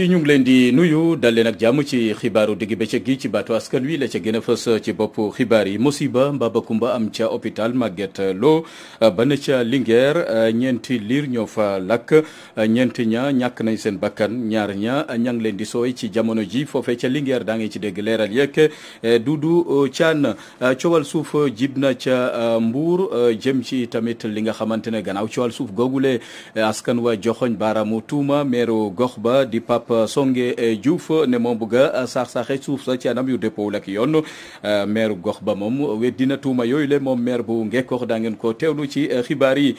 yi ñu ngi leen di nuyu dal leen ak jàmm ci xibaaru digg bëccëg gi ci baatu askan wi la ca gën ci bopp xibaar yi musiba mbabakumba am ca hôpital Magatte Lô ba na ca Linguère ñeenti liir ñoo fa lakk ñeenti ña ñàkk nañ seen bakkan ñaar ña ña ngi leen di sooy ci jamono ji foofee ca Linguère daa ngi ci dégg leeral yeeg eh, Doudou Thiane eh, coowal suuf jib na ca eh, Mbour jëm ci tamit li nga xamante ne gannaaw coowal suuf googule askan wa joxoñ baaraamu tuuma meeru gox ba di Pape Pape Songe eh, Diouf ne moom bëgg a saax-saaxe suuf sa ci anam yu dëppoowul ak yoon eh, maire gox ba moom we dina tuuma yooyu le moom mair bu Ngekoox daa ngeen ko teewlu ci eh, xibaar yi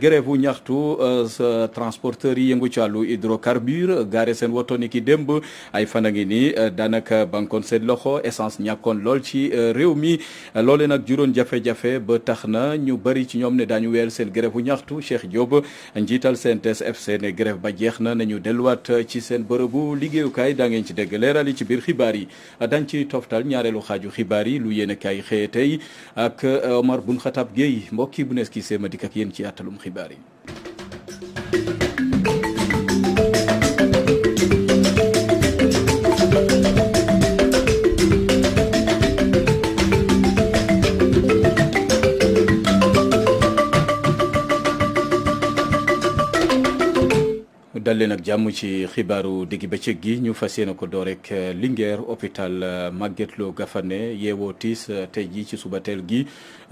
grève bu ñaxtu transporteurs yi yëngu ci wàllu hydrocarbure gaare seen woto ni ki démb ay fan a ngi nii daanaka bankoon seen loxo essence ñàkkoon lool ci réew mi loole nag juróon jafe-jafe ba tax na ñu bëri ci ñoom ne daañu weer seen grève bu ñaxtu Cheikh Diop njiital CNTS FC ne grève ba jeex na nañu delluwaat ci seen bërëbu liggéeyukaay daa ngeen ci dégg leeral yi ci biir xibaar yi dañ ci toftal ñaareelu xaaju xibaar yi lu yéene kaay xëye tey ak euh, Omar Bun Xatab Gueye mbokki bu nees ki seema dikk ak yéen ci àttalum xibaar yi dal leen ak jàmm ci xibaaru digg bëccëg gi ñu fa yéene ko door rek eh, Linguère hôpital eh, Magatte gafane Gaffane te tiis eh, jii ci suba teel gi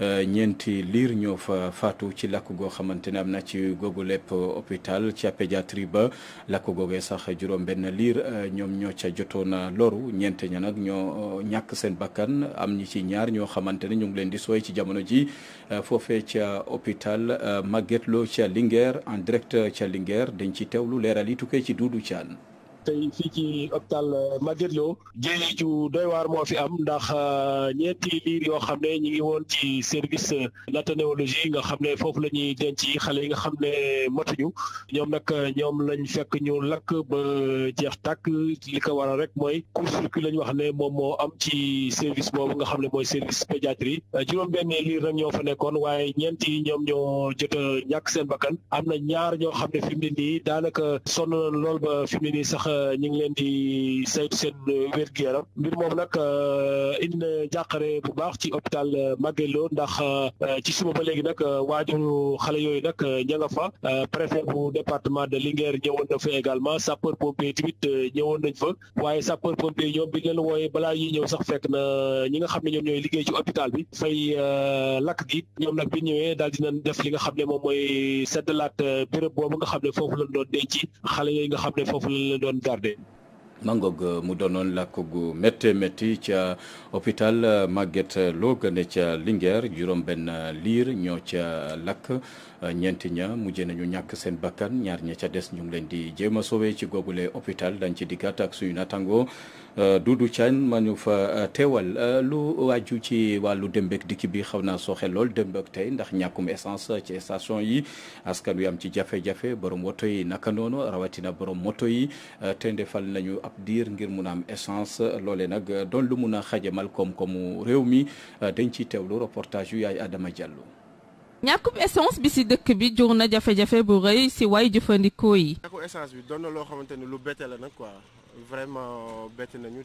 ñeenti liir ñoo fa faatu ci lakk goo xamante ne am na ci googu lépp hôpital ca pédiatrie ba lakk googee sax juróom-benn liir ñoom ñoo ca jotoon loru ñeent ña nag ñoo ñàkk seen bakkan am ñi ci ñaar ñoo xamante ne ñu ngi leen di sooy ci jamono ji foofee ca hôpital Magatte Lô ca Linguère en direct ca Linguère dañ ci teewlu. leeral yi tukkee ci Doudou Thiane tey fii ci hôpital euh, Magatte Lô jéey doy waar moo fi am ndax euh, ñeenti liir yoo xam ne ñi ngi woon ci service néonatologie euh, nga xam ne foofu la ñuy denc xale yi nga xam ne matuñu ñoom nag ñoom lañ fekk ñu lakk ba jeex tàkk li ko waral rek mooy court-circuit lañ wax ne moom moo am ci service boobu nga xam ne mooy service pédiatrie juróom-benn liir nag ñoo fa nekkoon waaye ñeenti ñoom ño jot a ñàkk seen bakkan am na ñaar ñoo xam ne fi mu nii daanaka sonn lool ba fi mu nii sax Euh, ñu ngi leen di saytu seen wér-gu-yaram mbir moom nag euh, indi na jàqare bu baax ci hôpital euh, Magatte Lô ndax ci suma ba léegi nag waajuru xale yooyu nag ña nga fa préfet bu département de Linguère ñëwoon na fa également sapeur pompier tamit ñëwoon nañ fa waaye sapeur pompier ñoom bi leen wooyee balaa yi ñëw sax fekk na ñi nga xam ne ñoom ñooy liggéey ci hôpital bi fay lakk gi ñoom nag bi ñëwee daal dinañ def li nga xam ne moom mooy seddalaat béréb boobu nga xam ne foofu lañ doon denc xale yooyu garder mangoog euh, mu doonoon làkk gu métti métti ca hôpital euh, Magatte Lô gane ca Linguère juróom-benn euh, liir ñoo ca lakk ñeenti ña mujjee nañu ñàkk seen bakkan ñaar ña ca des ñu ngi leen di jéem a sauvé ci googule hôpital dañ ci diggaat ak suñu natango Doudou Thian ma ñu fa teewal lu waaju ci wàllu démbek dikk bi xaw naa sooxe lool dembeek tey ndax ñàkkum essence ci station yi askan wi am ci jafe-jafe borom woto yi naka noonu rawatina borom moto yi te ndefal ab diir ngir mun a am essence loole nag doon lu mun a xajamal koom-koomu réew mi dañ ciy teewlu reportage yu yaay Adama Diallo. ñàkkum essence bi si dëkk bi jur na jafe-jafe bu rëy si way jëfandikoo yi. ñàkku essence bi doon na loo xamante ni lu bette la nag quoi vraiment bette nañu.